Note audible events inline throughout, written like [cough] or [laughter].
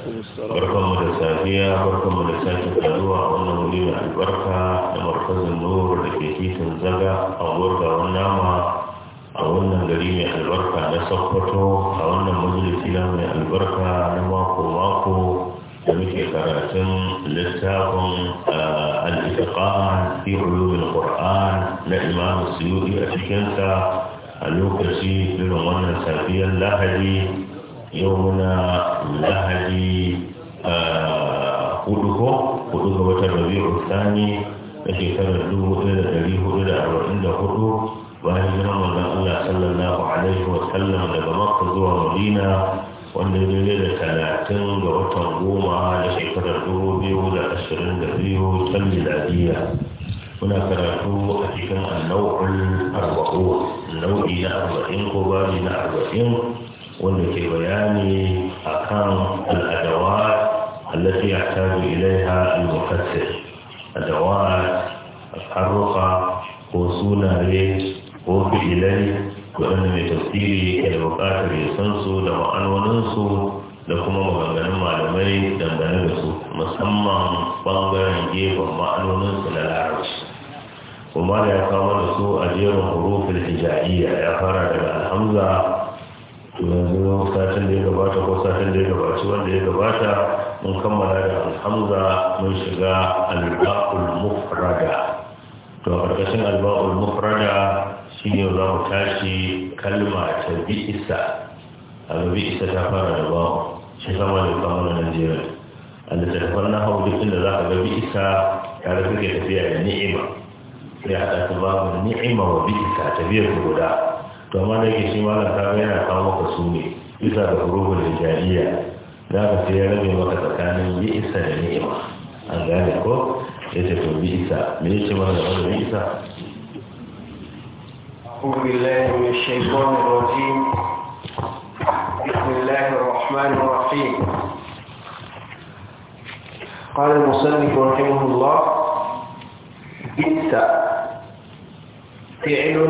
barkanmu da safiya barkanmu da sake karuwa a wannan wuri mai albarka da markazin nuru da ke titin zaga a gurgawar nama a wannan gari mai albarka na sokoto a wannan majalisi na mai albarka na mako-mako da muke karatun littafin eh, al'itaƙan fi ulumin ƙur'an na imamu suyuri a cikinsa a lokaci irin wannan safiyan lahadi yau muna الثاني الذي فردوه إلى هو الله صلى الله عليه وسلم لبنط ذو مدينة وأن يجلد ثلاثين وتنقوم على شيء فردوه بيه أشرين بيه تلي العدية هنا فردوه أتكا النوع الأربعون النوع إلى أربعين قبال إلى أربعين والتي بياني أقام الأدوات التي يحتاج إليها المفسر adawat harruka ko sunaye ko fi'ilai ɗan mai tafsiri da buƙatar ya san su da ma'anoninsu da kuma maganganun malamai dangane da su musamman ɓangaren gefen ma'anoninsu na larabci kuma da ya kama da su a jerin hurufin hijaiya ya fara daga alhamza to yanzu satin da ya gabata ko satin da ya gabaci wanda ya gabata mun kammala da alhamza mun shiga alba'ul mufrada to a ƙarƙashin alba'ul mufrada shi ne za mu tashi kalma ta bi'isa a bi'isa ta fara da ba'u shi sama da na najeriya a littattafan na hau duk inda za a ga bi'isa tare suke tafiya da ni'ima sai a ɗata babu ni'ima wa bi'isa tafiyar guda to amma da yake shi malam ta yana kawo maka isa da bisa da jariya hijaiya da ka sai ya rage maka tsakanin yi isa da ni'ima an gane ko ya ce to bi isa me ya ce mana da bi isa قال المصنف رحمه الله بئس فعل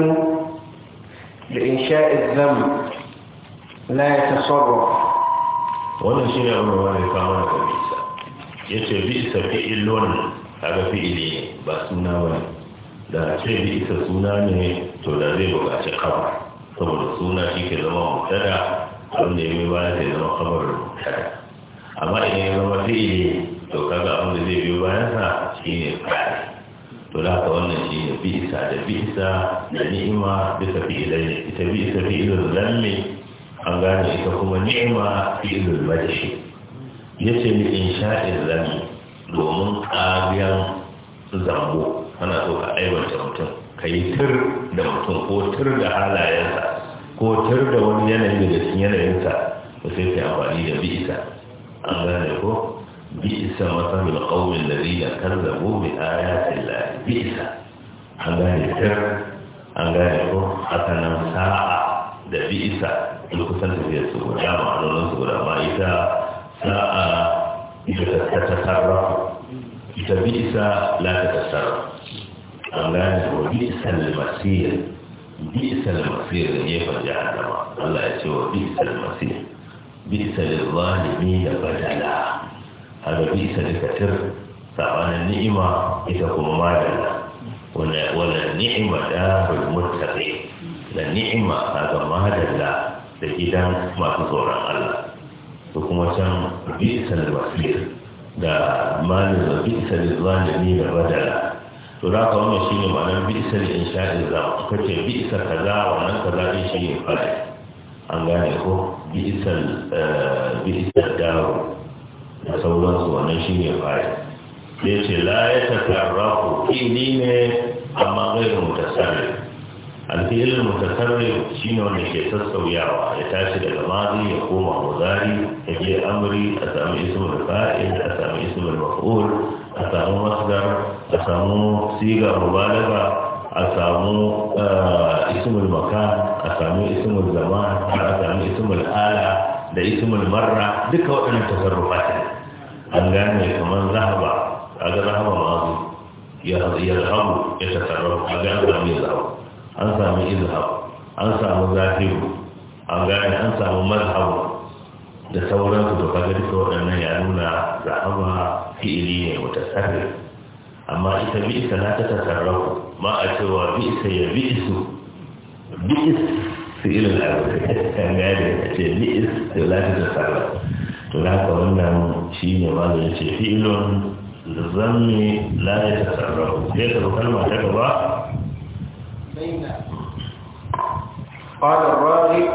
لإنشاء الذنب لا يتصرف wannan shi ne abin wani kawo na kabisa ya ce bi isa fi'ilun aga fi'ili ne ba suna wani da ce bi isa suna ne to da zai bukaci kawai saboda suna shi ke zama mutada wanda ya mai baya ta zama kamar mutada amma idan ya zama fi'ili to kaga abin da zai biyo bayansa shi ne fa'ili to da haka wannan shi ne bisa da bisa da ni'ima duka fi'ilai ne ita bisa fi'ilul lamme an gane ita kuma ni'ima fi'ilul ya yace ni in in lamme domin ƙariyar zango ana so ka aibanta mutum ka yi tur da mutum ko tur da halayensa ko tur da wani yanayi da cikin yanayinsa ko sai ka amfani da bisa an gane ko بئس مثل القوم الذين كذبوا بآيات الله بئس هذا يفر هذا يفر حتى نمساء ده بئس لكتن في يسوع جامع الله سبحانه ما إذا ساء إذا تتصرف إذا بئس لا تتصرف هذا هو بئس المسير بئس المسير يفا جهنم الله يسوع بئس المسير بئس للظالمين بدلاً haka bisa da katir sabanin ni'ima ita kuma madalla wala ni'ima da muttaqi da ni'ima haka madalla da gidan masu tsoron Allah su kuma can bisa da wasir da malin da bisa da zalimi da badala to da ka wannan shine ma'anar bisa da insha'in zama kace bisa kaza wannan kaza din shine fara an gane ko bisa eh, bisa dawo da sauransu wannan shi ne fa'ida ya ce la ya tafarraku ili ne amma gairin mutasarri alfilin mutasarri shi ne wanda ke sassauyawa ya tashi daga mazi ya koma muzari ya je amri a sami ismul fa'il a sami ismul maf'ul a samu masdar a samu siga mubalaga a samu eh, ismul makan a samu ismul zaman a samu ismul ala da ismul marra duka waɗannan tasarrufa an gane kamar zahaba a ga zahaba mazu ya yarhabu ya a ga an sami zahabu an sami izhab an samu zahiru an gane an samu mazhabu da sauransu da kaga duka waɗannan ya nuna zahaba fi'ili ne wata sarri amma ita bi'isa na ta tasarrafu ma a cewa bi'isa ya bi'isu bi'is fi'ilin abu kan [laughs] gane ce bi'is da la ta tasarrafu to wannan shi ne ma da ya ce fi'ilun la ya kalma ta gaba قال الراغب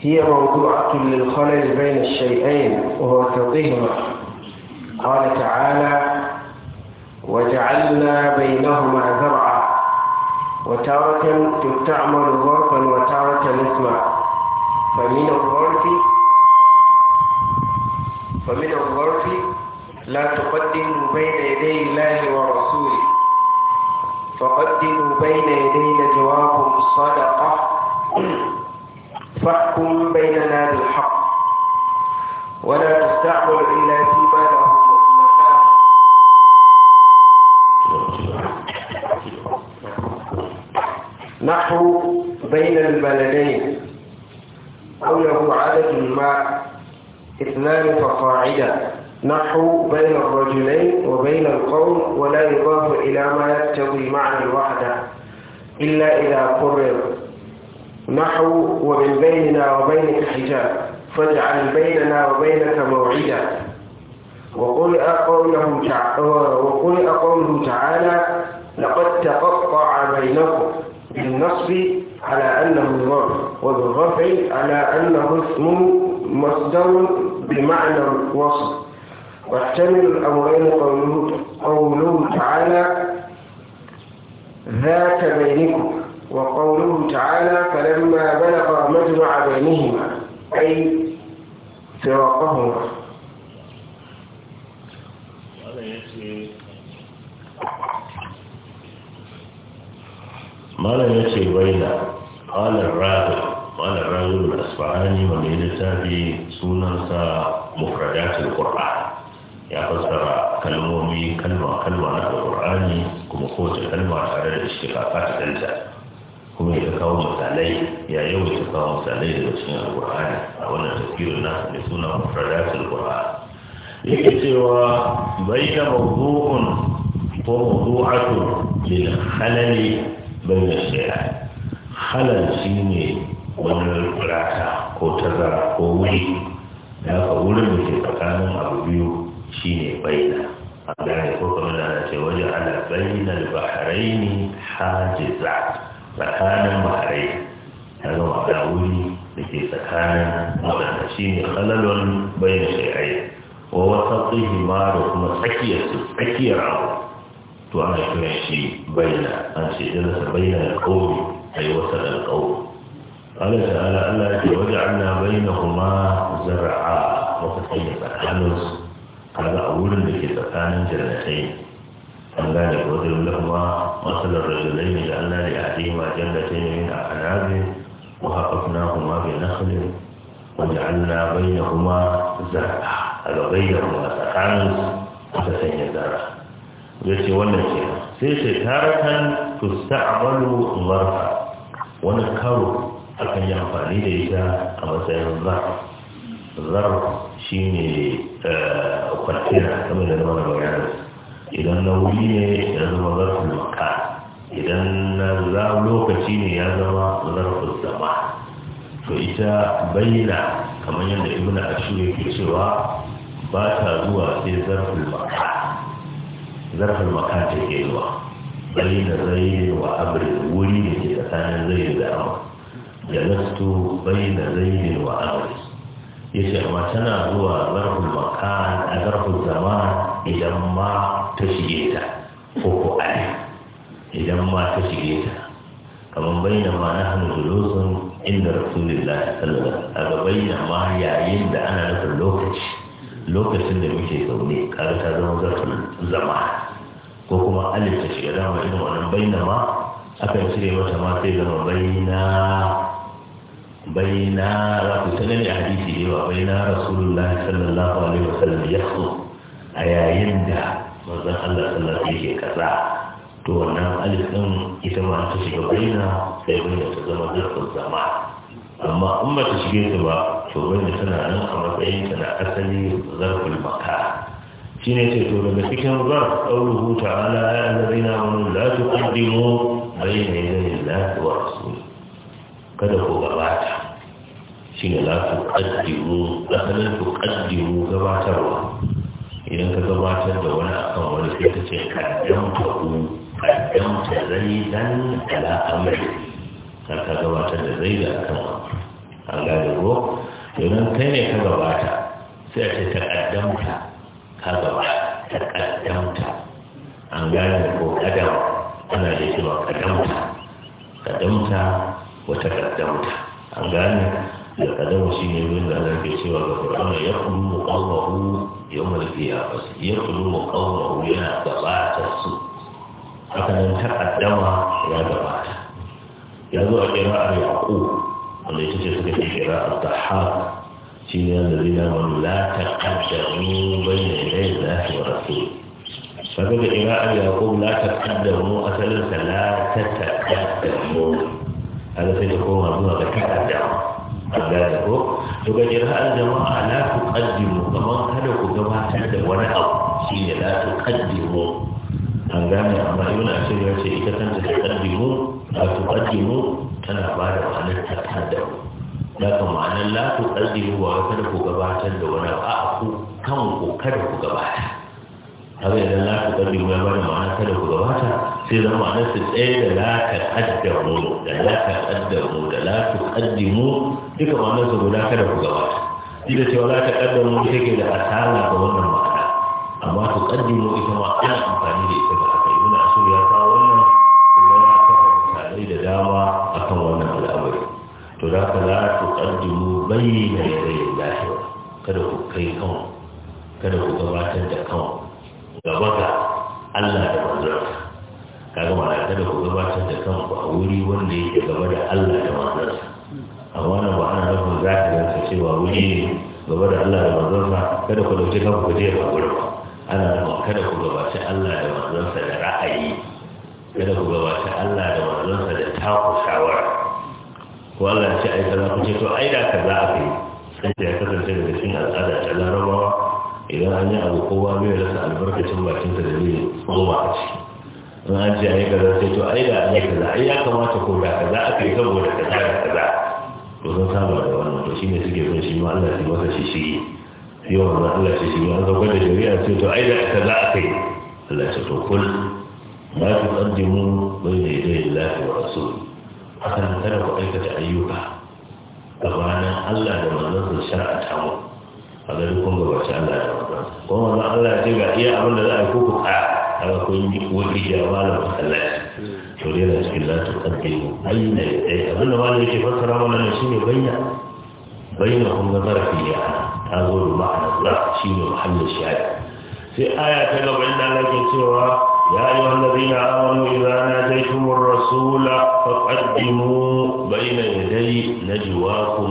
هي موضوعة للخلل بين الشيئين وهو كظهرة قال تعالى وجعلنا بينهما زرعا وتارة تعمل ظرفا وتارة نسمع فمن الظرف فمن الظرف لا تقدموا بين يدي الله ورسوله فقدموا بين يدي نجواكم الصدقة فاحكم بيننا بالحق ولا تستعمل إلا فيما له نحو بين البلدين أو له عدد ما اثنان فقاعدا نحو بين الرجلين وبين القوم ولا يضاف إلى ما يقتضي معنى الوحدة إلا إذا قرر نحو ومن بيننا وبينك حجاب فاجعل بيننا وبينك موعدا وقرئ قوله تعالى وقرئ قوله تعالى لقد تقطع بينكم بالنصب على أنه الظرف وبالرفع على أنه اسم مصدر بمعنى وصف واحتمل الأمرين قوله, قوله تعالى ذات بينكم وقوله تعالى فلما بلغ مجمع بينهما أي فراقهما ما لم يأتي بين قال الرابع قال الرجل الأسفعاني ومن لتابي سننسى مفردات القرآن ya fassara kalmomi kalma-kalma na alƙur'ani kuma kowace kalma tare da ishtiƙaƙa ta danta kuma ya kawo misalai ya yawaita kawo misalai daga cikin alƙur'ani a wannan tafiyar na mai suna mufradatul qur'an yake cewa baina mawdu'un ko halali baina halal shine ta ko tazara ko wuri da haka wuri da ke tsakanin abu biyu shi ne baina a gane ko kuma da ana ce waje ala bainal bahraini hajiza tsakanin bahrai ya zama a wuri da ke tsakanin waɗanda shine halalon bayan shai'ai ko wata ma da kuma tsakiyar su tsakiyar abu to ana kiran shi baina an ce irinsa baina da ƙauri a yi wasa da ƙauri قال تعالى ألا وجعلنا بينهما زرعا وتقيم أحدث هذا أول لك فكان جنتين أن لا يبذل لهما مثل الرجلين لأن لأحدهما جنتين من أعناب وحققناهما بنخل وجعلنا بينهما زرعا هذا بينهما فكان وتقيم زرعا يأتي ولا شيء sai ce taratan tusta'balu akan yi amfani da ita a matsayin zar zar shi ne eh, kwantena kamar da zama da idan na wuli ne ya zama zar maka idan na za lokaci ne ya zama zarfin zama to ita bayyana kamar yadda ibn ashur ke cewa ba ta zuwa sai zarfin maka zarfin maka take zuwa bayyana zai wa abirin wuri da ke tsakanin zai da amma jalastu bai da zaini wa arwis ya ce amma tana zuwa zarfin makan a zarfin zama idan ma ta shige ta ko ko ai idan ma ta shige ta kamar bayyana ma na hannu julusun inda rasulullah sallallahu alaihi wasallam bayyana ma yayin da ana nufin lokaci lokacin da muke zaune kaga ta zama zarfin zama ko kuma alif ta shiga dama irin wannan bayyana ma akan cire mata ma sai zama bayyana baina wato sanar da hadisi ne ba baina rasulullah sallallahu alaihi wasallam ya so a yayin da manzon Allah sallallahu alaihi yake kaza to wannan alif ita ma ta shiga baina sai baina ta zama zarfin zama amma in ba ta shige ta ba to wanda tana nan a matsayin ta na asali zarfin maka ne ce to daga cikin zarf qawluhu ta'ala ya allazina amanu la tuqaddimu ne yadayi llahi wa rasuli kada ko gabata shine la tuqaddiru da halin tuqaddiru gabatarwa idan ka gabatar da wani akan wani sai ka ce kaddam ta ku kaddam ta zaidan ala amri ka ka gabatar da zai da akan an gane ko idan kai ne ka gabata sai a ce taqaddamta ka gabata ta an gane ko kadam ana da cewa kadamta ta wata ta an gane الأدوسي يقول أنا في سوى فرعون يخلو قومه يوم القيامة يخلو قومه يا تبعت السوء فكان تقدم يا تبعت يقول قراءة يعقوب والتي تشترك في قراءة الضحاك في الذين آمنوا لا تقدموا بين يدي الله ورسوله فقد قراءة يعقوب لا تقدموا أسألك لا تتقدموا هذا سيكون مبنى تقدم gane ko to ga jira'ar jama'a la ku kaddimu kamar kada ku gabatar da wani abu shi ne la ku kaddimu an gane amma ibn ashir ya ce ita kanta ta kaddimu la ku kaddimu tana ba da ma'anar ta kaddamu da ka ma'anar la ku kaddimu ba kada ku gabatar da wani abu a ku kan ku kada ku gabatar haka idan la ku kaddimu ya ba da ma'anar kada ku gabatar sai zama ma'anar su tsaye da la ka kaddamu da la ka kaddamu da la ku kaddimu duka ma'anar su guda kada ku gabata duk da cewa za ta kaddar mu take da asala ga wannan ma'ana amma ku mu ita ma ana amfani da ita ga haka ibn so ya kawo wannan kuma ya kafa misalai da dama akan wannan al'amari to za ka za ku kaddimo bayyana yanayin lafiya kada ku kai kan kada ku gabatar da kan gaba ga Allah da manzansa kaga ma'ana kada ku gabatar da kan ku a wuri wanda yake gaba da Allah da sa a wannan ba ana nufin za ka gansa cewa wuri ne gaba da Allah da manzansa kada ku dauki kanku ku je ba gurin ana nufin kada ku gabaci Allah da manzansa da ra'ayi kada ku gabaci Allah da manzansa da taku shawara ko Allah ya ce ai kaza ku ce to ai da kaza a kai sai da ya kasance da cikin al'ada ta larabawa idan an yi abu kowa bai rasa albarkacin bakinsa da zai goma a ciki in an a yi kaza sai to ai da ai kaza ai ya kamata ko da kaza a kai saboda kaza da kaza to sun saba da wannan to shine suke son shi ma Allah ya masa shi shi yawan Allah shi shi An an da shari'a ce to ai da aka za a kai Allah ce to kul ma ku qaddimu bayna yadayi Allah wa rasul hakan kada ku aikata ayyuka A gabanin Allah da manzon shari'a ta mu a ga dukkan gabata Allah da manzon kuma manzon Allah ya ce ga iya abin da za a yi ko ku tsaya kaga kun wuce jama'a da masallaci to dai na cikin la tuqaddimu bayna yaday abin da malai yake fassara mana shine bayna bayna hum da zarfi ya ta zo da ma'ana zarf shine muhammad shahada sai aya ta gaba inda Allah ke cewa ya ayyuha alladhina amanu idza najaytumur rasula faqaddimu bayna yaday najwaakum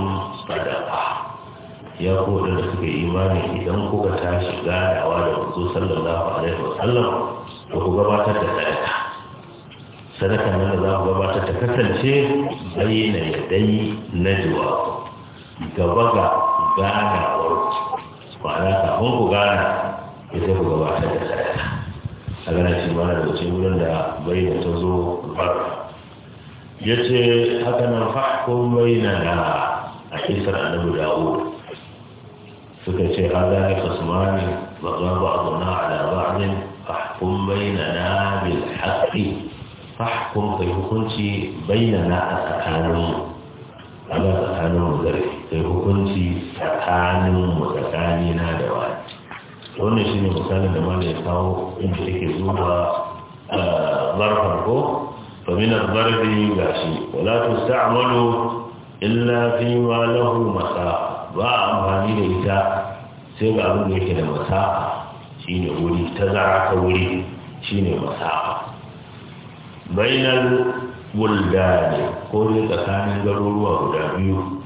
sadaqah ya ko da suka yi imani idan kuka tashi gadawa da manzo sallallahu alaihi wasallam to ku gabatar da sadaka sadaka nan da za ku gabatar ta kasance bayyana yadai najwa gaba ga ganawar ma'ana kafin ku gana ya sai ku gabatar da sadaka a gana shi da wuce wurin da bayyana ta zo bar yace ce haka nan fa'akon bayyana na a kisar annabi dawo. suka ce hada ya kasmani ba za ba a zauna a bayyana fahkun bil haƙi fahkun kai hukunci bainana a tsakaninmu a ba tsakaninmu zarafi kai hukunci tsakaninmu tsakanina da wani wannan shi ne misalin da mana ya kawo inda take zuwa zarfar ko faminar zarfi ga shi wala tusta amalu illa fi ma lahu masafa ba a amfani da ita sai ga abin da yake da masafa shine wuri tazara ta wuri shine masafa wulda ne ko ne tsakanin garuruwa guda biyu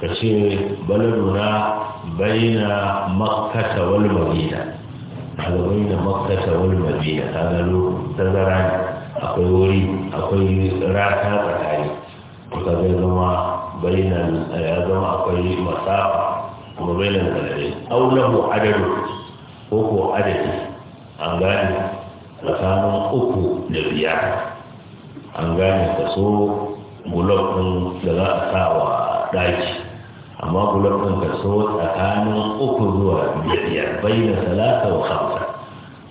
ka ce baladuna baina makkata wal madina kaga makkata wal ta kaga ta tazara akwai wuri akwai rata tsakani to zai zama bainan ya zama akwai masafa kuma bainan galare aunahu adadu ko ko adadi an gane tsakanin uku da biyar an gane kaso bulok ɗin da za a sa wa ɗaki amma bulok ɗin kaso tsakanin uku zuwa biyar bainan salasa wa hamsa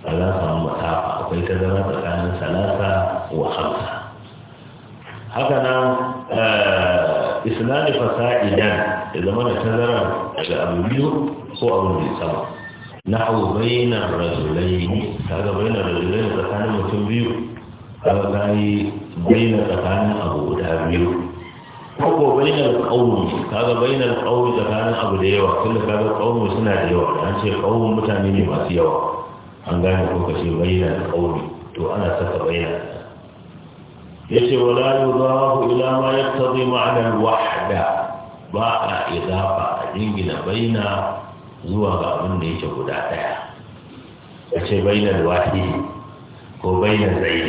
salasa masafa akwai tazara tsakanin salasa wa hamsa haka nan إثنان فسائدان إذا تذر إلى أبو بيو هو أبو بيو نحو بين الرجلين هذا بين الرجلين وكان مكتوب بيو هذا بين كان أبو دابيو هو بين القوم هذا بين القوم إذا كان أبو ديوا كل هذا القوم سنة ديوا يعني شيء قوم متعنين ما سيوا أنجاني كوكسي بين القوم تو أنا سكر بين القوم yace wala yudahu ila ma yaqtadi ma'na al-wahda ba a idafa a jingina baina zuwa ga abin da yake guda daya yace baina al-wahid ko baina zaid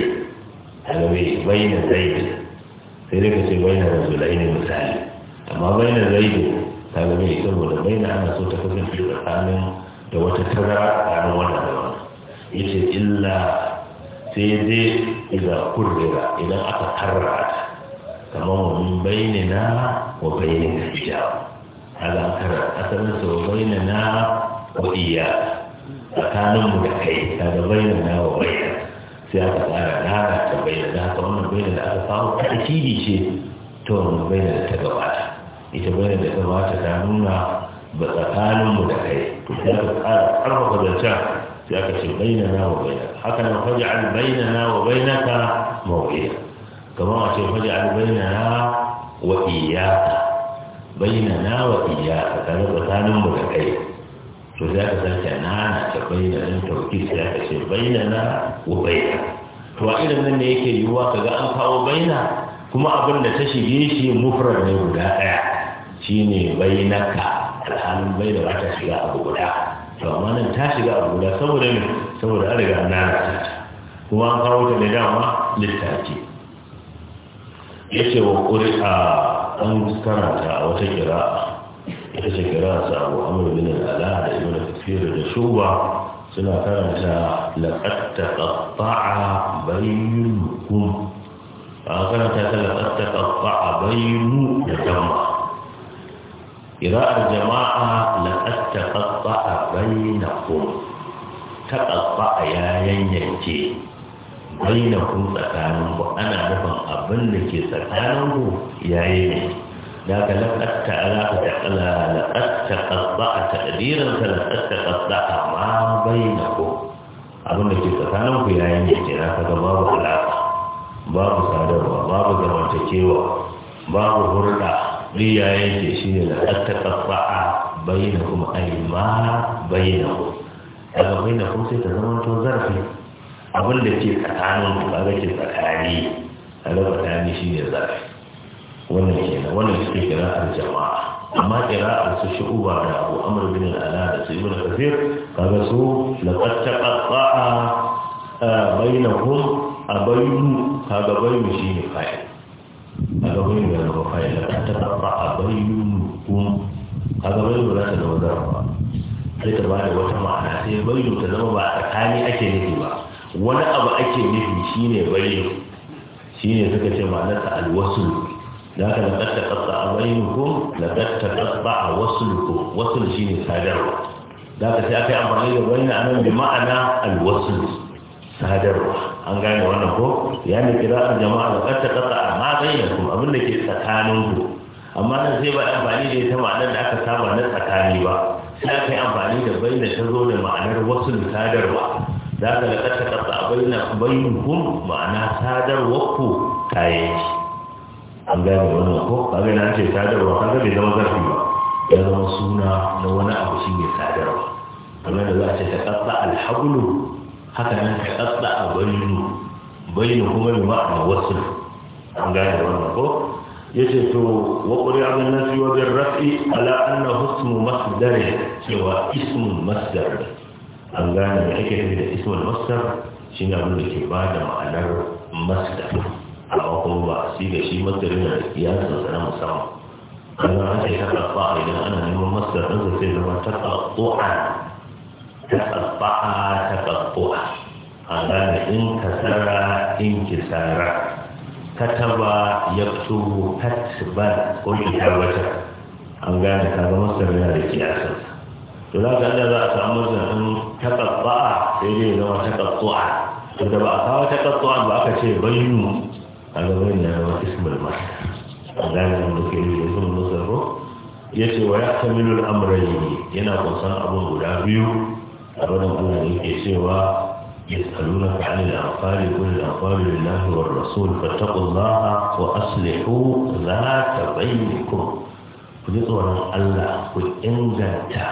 alawi baina zaid sai dai kace baina rajulain misali amma baina zaid talabi saboda baina ana so ta kasance tsakanin da wata tara tsakanin wannan da wannan yace illa sai je idan kurrira idan aka karra kamar wa min na wa bainina hijab kaga an karra asalin sa wa na wa iya tsakanin mu da kai kaga na wa bainina sai aka tsara rana ta bainina haka wannan bainina da aka kawo tarkibi ce to wannan bainina ta gabata ita bainina da ta gabata ta nuna ba tsakanin mu da kai to sai aka tsara karfafa zancen sai aka ce bainana wa bainaka haka nan faj'al bainana wa bainaka mawqiya kamar a ce faj'al bainana wa iyyaka bainana wa iyyaka kana tsakanin mu da kai to za ka sake nana ta bainanin tauki sai aka ce bainana wa bainaka to a irin nan ne yake yiwuwa ka ga an kawo baina kuma abin da ta shige shi mufrad ne guda daya shine bainaka alhalin bai ba ta shiga abu guda to amma nan ta shiga a guda saboda ne saboda an riga na ta kuma an kawo ta ne dama littafi ya ce wa a an karanta a wata kira ita ce kira a abu amur bin al'ala da ibn kafir da shuba suna karanta laqad taqatta'a bayyukun. a karanta ta laqad taqatta'a bainu da tamma jama'a ko ta الجماعة لأتقطع بينكم تقطع يا ينجي bainakun tsakaninku ana nufin abin da ke tsakaninku ya yi ne da ka lakasta ala ka da ala lakasta kasba a takadirin ka lakasta kasba a ma ko abin da ke tsakaninku ya yi ne na ka gaba babu alaka babu sadarwa babu zamantakewa babu hurɗa duk da shi ne da ta kafa'a bayyana kuma ayyuma bayyana ku daga bayyana ku sai ta zama to zarafi abin da ke tsakanin ku kaga ke tsakani kaga tsakani shi ne zarafi wannan kenan wannan shi kira kira'ar jama'a amma kira kira'ar su shu'uba da abu amr bin al'ala da su ibn kafir kaga su laqad taqatta'a bainahum abaynu kaga baynu shi ne fa'il kaga bai lura da bakwai da ta taɓa a bayyukun kaga bai lura ta da wadar ba sai ta ba da wata ma'ana sai bayyu ta zama ba a tsakani ake nufi ba wani abu ake nufi shine bayyu shine suka ce ma'anarsa alwasul da haka laƙar ta ƙasa a bayyukun laƙar ta ƙasa a wasulukun wasul shine sadarwa da haka sai aka yi amfani da bayyana anan bi ma'ana alwasul sadarwa an gane wannan ko ya ne kira a jama'a da kata kasa a matsayin ku abin da ke tsakanin ku amma nan sai ba amfani da ita ma'anar da aka saba na tsakani ba sai aka yi amfani da bayyana ta zo da ma'anar wasu sadarwa za ka da kata kasa a bayyana bayyana ku ma'ana sadarwa ku kayan an gane wannan ko kaga na ce sadarwa ka bai zama zarfi ba ya zama suna na wani abu shi ne sadarwa kamar da za a ce ta kasa alhagulu haka nan ka tsatsa a bayyano bayyano kuma bi ma'ana wasu an gane wannan ko yace to wa qul ya bin nasi wa bir raf'i ala anna husmu masdar cewa ismul masdar an gane da ake nufi da ismul masdar shine abin da ke ba da ma'anar masdar amma kuma ba a siga shi masdarin da ya tsara na musamman kana an ce ta kafa idan ana neman masdar din sai zama ta qatu'a تقطعا تقطعا هذا إن كسر إن كسر كتب يكتب كتبا قل كتابة an gane ka ga masar yana da kiyasa to za ka za a samu zanen takatsu'a sai dai zama takatsu'a to da ba a kawo takatsu'a ba aka ce bayyanu a gaban yana zama ismul ma an gane da muke yi da sun musar ko ya ce wa ya kamilu al'amurai yana kusan abin guda biyu فردوا إليك سوى يسألونك عن الأنفال قل الأنفال لله والرسول فاتقوا الله وأصلحوا ذات بينكم فجدوا أن الله قل إن جنت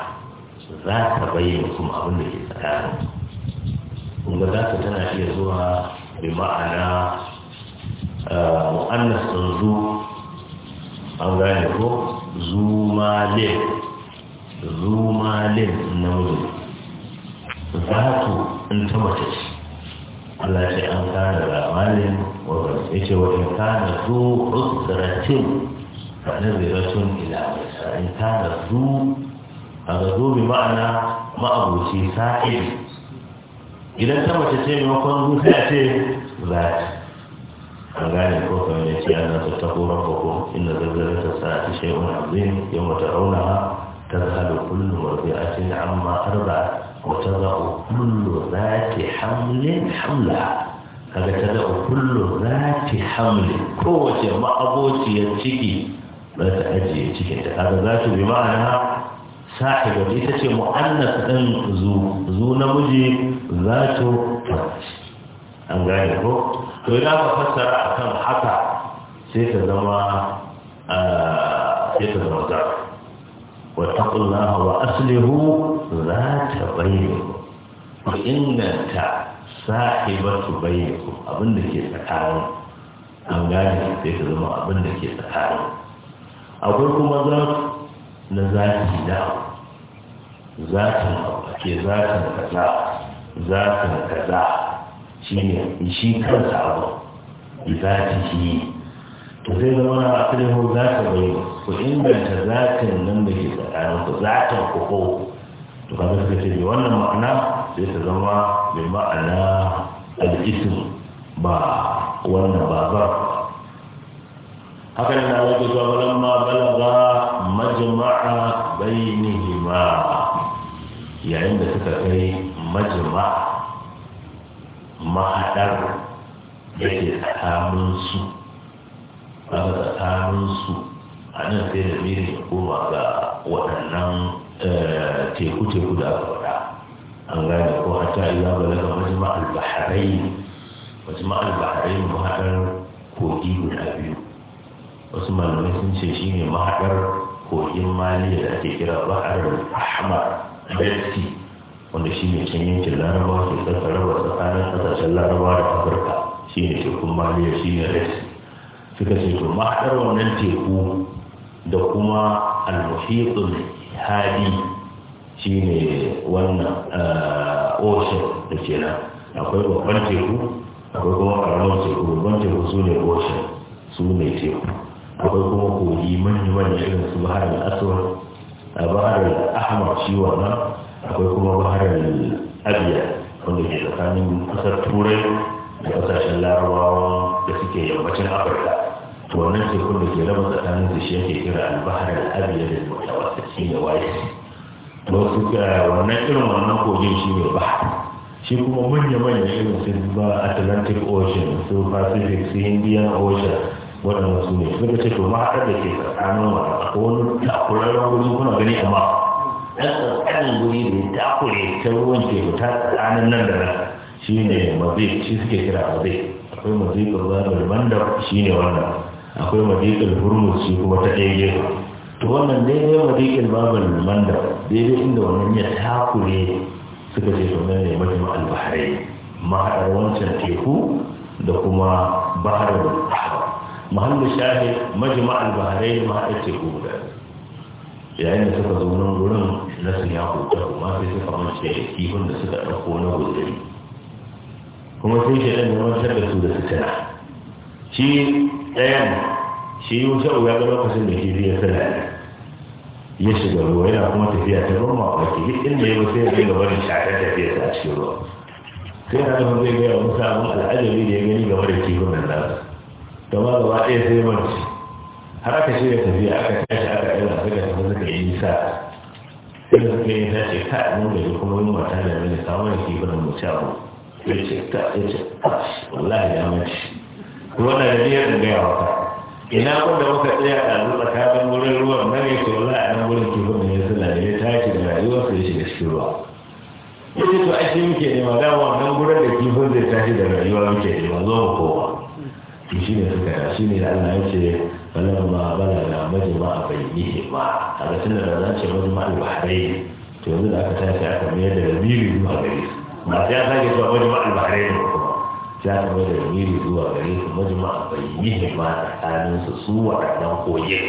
ذات بينكم أقول لك السلام ثم ذات تنا في بمعنى آه، مؤنث زو أن غيره زو مالين زو مالين نموذج zatu in ta mace ce Allah ce an kana da amalin wa ya ce wa in kana zu usratin fa naziratun ila wasa in kana zu a ga bi ma'ana ma'abuci sa'id idan ta mace ce maimakon zu sai ce ta an gane ko kamar ya ce ana tattako rabbakum inna zalzalata sa'ati shay'un azim yawma tarawnaha tazhalu kullu mardi'atin amma arda'at وتضع كل ذات حمل حملها kaga ta da kullu zati hamli kowace ma'abociyar ciki za ta ajiye cikin ta kaga za ta bi ma'ana sahiba ita ce mu'annas din zu zu namiji za ta tabbas an gane ko to idan ka fassara akan haka sai ta zama sai ta zama za wa taqullaha wa aslihu za ta bayyana ku inganta sahibatu bayyanakum abin da ke tsakanin an gane sai ta zama abin da ke tsakanin akwai kuma zarafi na zafi na zafin ke ta kaza ta kaza shi ne shi kansa abu zafi shi to zai zama na asirin za ta bayyanakum ku inganta zakin nan da ke tsakanin ku ta ku to kaga suka ce wannan ma'ana sai ta zama mai ma'ana al'isim ba wannan ba ba hakan na wajen zuwa walamma balaga majma'a bainihima yayin da suka kai majma'a mahaɗar da ke tsakaninsu ba su a nan sai da miri koma ga waɗannan teku teku da aka faɗa an gane ko hatta iya balaga majma al-bahrain majma al-bahrain mahaɗar kogi guda biyu wasu malamai sun ce shi ne mahaɗar kogin maliya da ake kira bahar ahmar red sea wanda shi ne can yankin larabawa ke tsaka raba tsakanin kasashen larabawa da afirka shi ne tekun maliya shi ne red sea suka ce to mahaɗar wannan teku da kuma al-muhitun hadi shi ne wannan uh, ocean da ke nan akwai babban teku akwai kuma ƙaramin teku babban teku su ne ocean su ne teku akwai kuma kogi manyan manyan irin su bahar al'aswar a uh, bahar al'ahmar shi wannan akwai kuma bahar al'abiya wanda ke tsakanin kasar turai da ƙasashen larabawa da suke yammacin afirka to wannan tekun da ke raba tsakanin da shi yake kira albahar al'abiyar da mutawasit shi ne wayes to su wannan irin wannan kogin shi ne bahar shi kuma manya-manya irin su ba atlantic ocean su pacific su indian ocean waɗanda su ne suka ce to mahaɗar da ke tsakanin wa ko wani takurarren wuri kuna gani amma ɗan tsakanin wuri da ya takure ta ruwan teku ta tsakanin nan da nan shi ne mazik shi suke kira mazik akwai mazik ruwa da mandar shi ne wannan akwai madiƙil hurmus shi kuma ta ɗaya to wannan daidai madiƙil babal manda daidai inda wannan ya takure suka ce to nan ne mafi albaharai mahaɗar wancan teku da kuma baharar ahbar mahallin shahi majma albaharai mahaɗar teku guda yayin da suka zo nan gurin na sun ya kuka kuma sai suka mace kifin da suka ɗauko na guzuri kuma sai shi ɗan wancan da su da tana shi ɗayan shi yi wuce ya ga lokacin da kifi ya tsira ya shiga ruwa yana kuma tafiya ta ruwan makwaki duk inda ya wuce ya dinga barin shaƙar tafiya ta cikin ruwa sai na nufin zai gaya wani samun al'ajabi da ya gani game da kifin nan nasu gaba gaba ɗaya sai barci har aka shirya tafiya aka tashi aka ɗaya suka tafi suka yi nisa sai da suka yi tashi ka nan gari kuma yin mata da mai samun kifin nan mu abu ya ce ta ya ce wallahi ya mace wannan da biyar da gaya wata ina da muka tsaya a zuwa tsakanin wurin ruwan nan yake wala a nan wurin kifin da ya suna da ya tashi da rayuwarsa ya shiga cikin ruwa yake to ashe muke nema dama wannan gurin da kifin zai tashi da rayuwa muke nema zo mu kowa to shi ne suka shi ne Allah ya ce balamma balaga majma'a bainihima a ga da za ce majma'ul bahrain to yanzu da aka tashi aka mayar da dalilin zuwa gare su ba sai ya sake zuwa majma'ul bahrain ba ya kama da miri zuwa gare su a bayyihin ma tsarin su su waɗannan koyin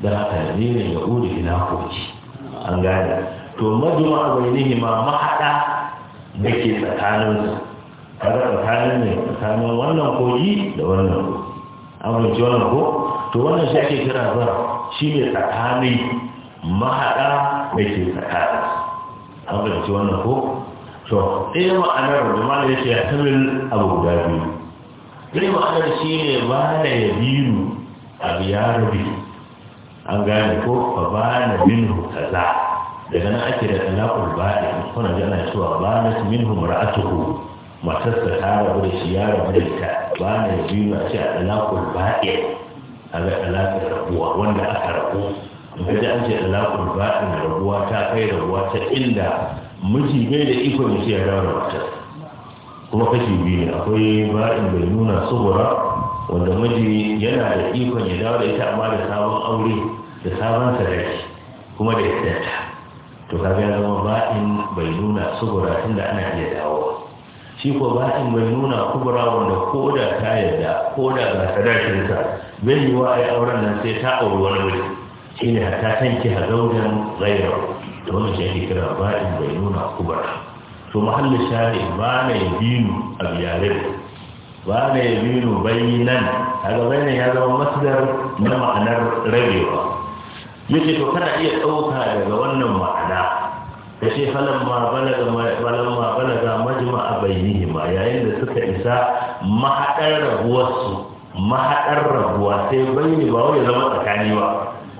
don haka mirin ya gudu ila koci an gane to a bayyihin ma mahaɗa da ke tsakanin su da tsakanin ne tsakanin wannan koyi da wannan koyi an wannan ko to wannan shi ake kira zara shi ne tsakanin mahaɗa da ke tsakanin an fahimci wannan ko to ɗaya ma'anar da mana yake ya tamil abu guda biyu ɗaya ma'anar shi ne ba da ya biyu abu ya rabi an gane ko ba ba na minhu kaza daga nan ake da talakul ba'i kuna ji ana cewa ba na minhu mar'atuhu matarsa ta rabu da shi ya rabu da ita ba na biyu a ce a talakul ba'i a ga talakul rabuwa wanda aka rabu in ka ji an ce talakul ba'i rabuwa ta kai rabuwa ta inda miji ne da iko ya ya dawo mata kuma kashi biyu ne akwai ba'in bai nuna subura wanda miji yana da ikon ya dawo da ita amma da sabon aure da sabon sadaki kuma da yaddata to ka ya zama ba'in bai nuna subura tunda ana iya dawo shi ko ba'in bai nuna kubura wanda ko da ta yadda ko da ga bai yi wa ai auren nan sai ta auri wani wuri shine hatta tanki hazaujan ghayrahu da wannan shi ake kira ba'in bai nuna kubara to mahallin shari ba na binu a biyarai ba na yabinu bayinan daga bayanan ya zama masdar na ma'anar rabewa yake to kana iya ɗauka daga wannan ma'ana da ce falon ma balaga majima a bayyihi ma yayin da suka isa mahaɗar rabuwarsu mahaɗar rabuwa sai bayyani ba wai zama tsakani ba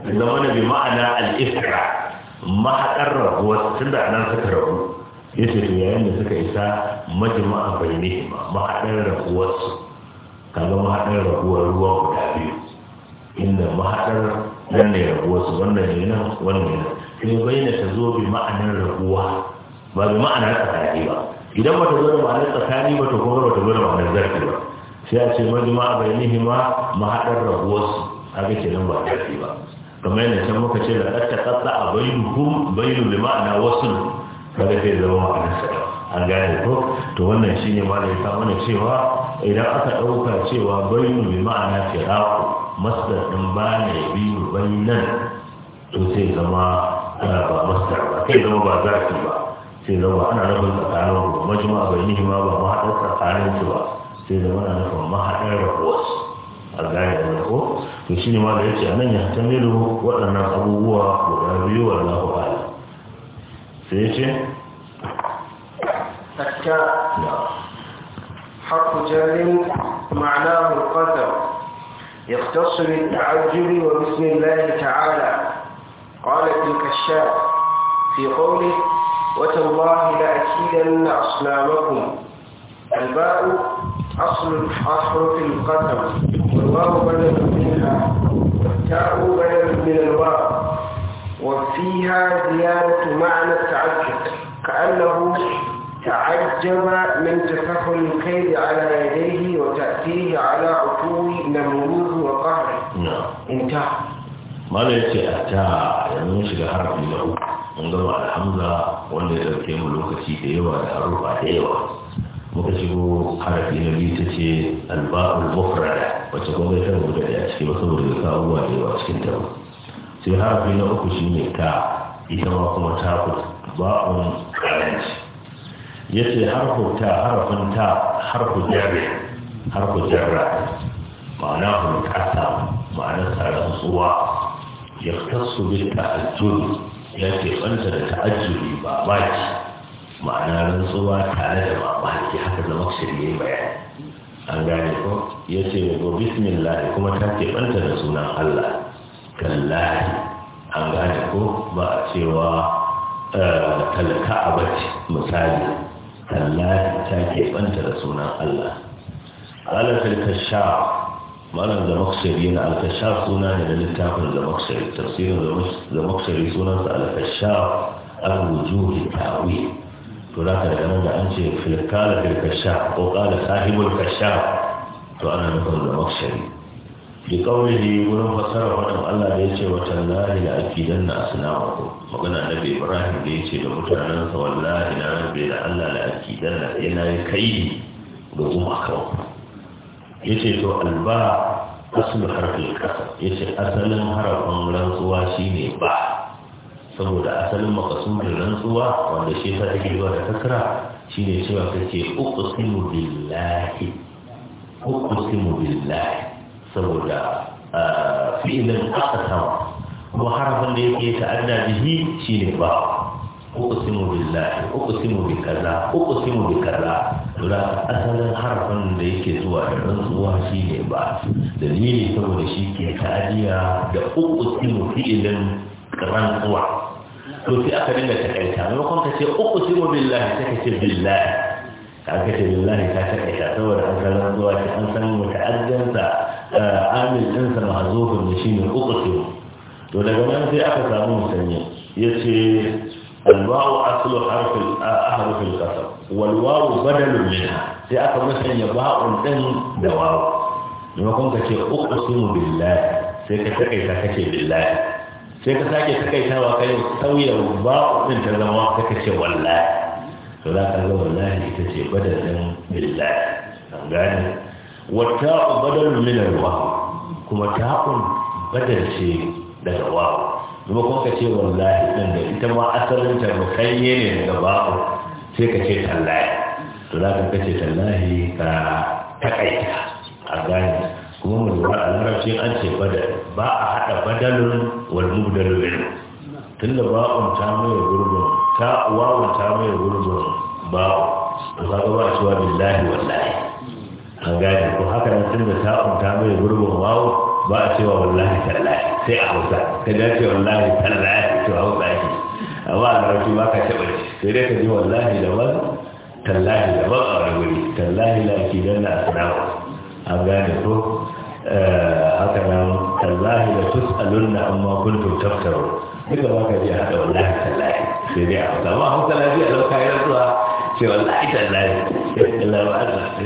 zama na bi ma'ana al'ifra mahaɗar rabuwa tun da nan suka rabu ya ce to yayin da suka isa majima'a bai ne ma mahaɗar su kaga mahaɗar rabuwar ruwa guda biyu inda mahaɗar nan ne su wannan ne nan wannan ne sai na ta zo bi ma'anar rabuwa ba bi ma'anar tsakani ba idan ba ta zo da ma'anar tsakani ba to kuma ba ta zo da ma'anar zarfi ba sai a ce majima'a bai ne ma mahaɗar su rabuwarsu kaga kenan ba ta ba kamar yadda can muka ce da ɗatta ƙasa a bayu kun bayu da ma'ana wasu kada zai zama ma'ana sa an gane ko to wannan shi ne mana ya mana cewa idan aka ɗauka cewa bayu da ma'ana firaku masdar ɗin ba ne biyu bayinan to sai zama ba masdar ba sai zama ba zaki ba sai zama ana nufin tsakanin ba majma bayanihi ma ba mahaɗar tsakanin su ba sai zama ana nufin mahaɗar rahuwarsu a gane da ko to shi ma da yace anan ya da wadannan abubuwa da biyu wallahu ala sai ya ce takka حرف جر معناه القدر يختص بالتعجل وبسم الله تعالى قال الكشاف في قوله وتالله لأكيدن أصنامكم الباء أصل الحرف القدر والواو بدل منها والتاء بدل من الواو وفيها زيادة معنى التعجب كأنه تعجب من تفهم الكيد على يديه وتأتيه على عتو نمروه وقهره انتهى ما لا يتي أتى يعني شيء حرف له ونقول على حمزة wanda ya ɗauke mu lokaci da yawa da harufa da yawa muka shigo harafi na biyu ta ce alba'ul mufrada wacce kuma ta rubuta da ciki ba saboda ya kawo ruwa da yawa cikin ta sai harafi na uku shi ne ta ita ma kuma ta ku ba'un karanci ya ce harfin ta harfin ta harfin jarra harfin jarra ma'ana hulkasa ma'ana tsaron tsuwa ya tasu bin ta'ajjuri ya ce ɓanta da ta'ajjuri ba baki ma'ana rantsuwa tare da mamaki haka zama shirye bayani an gane ko ya ce wa ko bismillah kuma ta ke banta da sunan Allah kallahi an gane ko ba a cewa eh, talaka a bacci misali kallahi ta ke banta da sunan Allah alatar kasha malam da maksari na alkasha suna ne da littafin da maksari tafsirin da maksari sunansa alkasha al-wujuhi ta'wil to za ka daga nan da an ce filkala filkasha ko kala sahibul kasha to ana nufin da makshari bi kaulihi wurin fasara wannan Allah da yace wa tallahi la akidan na asnamakum magana da Ibrahim da yace da mutanen sa wallahi na rabbi da Allah la akidan na yana kai da Ya ce to alba aslu harfin kasa ce asalin harafin rantsuwa shine ba saboda asalin makasudin rantsuwa wanda shi ta take zuwa da takara ne cewa ce uƙusimu billahi uƙusimu billahi saboda ah, fi'ilin aqsam kuma harafin da yake ta'adda bihi ne ba uqsimu billahi uƙusimu bi kaza uqsimu bi kaza da asalin harafin da yake zuwa da rantsuwa shi ne ba dalili saboda shi ke ta'adiya da uƙusimu sinu fi'ilin rantsuwa to sai aka dinga takaita maimakon ka ce uku simu billahi sai ka ce billahi ka ka ce billahi ka takaita saboda an san rantsuwa ce an san muta'addansa amil ɗinsa mahazofin da shi ne uku simu to daga nan sai aka samu musanye ya ce alwawu aslu harfin aharfin kasar walwawu badalun minha sai aka musanya ba'un ɗin da wawu maimakon ka ce uku simu billahi sai ka takaita kake billahi sai ka sake takaitawa kai sauya ba din ta zama ka kace wallahi to za ka ga wallahi ita ce badalin billahi an gane wa ta'u badalu min alwa kuma ta'un badal ce daga wa kuma kuma kace wallahi din da ita ma asalin ta mukayye ne daga ba'u sai ka ce tallahi to za ka kace tallahi ka takaita a gane kuma mu lura a larabci an ce badal ba a haɗa badalun da mubdalu ilm tunda ba'un ta mai gurbin ta wawun ta mai gurbin ba'u to kaga ba shi wa billahi wallahi an gane ko haka nan tunda ta'un ta mai gurbin wawu ba a cewa wallahi tallahi sai a hausa ka da ce wallahi tallahi to hausa ake amma a larabci ba ka taɓa sai dai ka ji wallahi da wani tallahi da ba a wani wuri tallahi la ki danna asnawa an gane ko wallahi da tus'alunna amma kuntum taftaru duka ba ka ji hada wallahi tallahi sai dai a sama hausa lafiya lau kayan zuwa ce wallahi tallahi Allah ba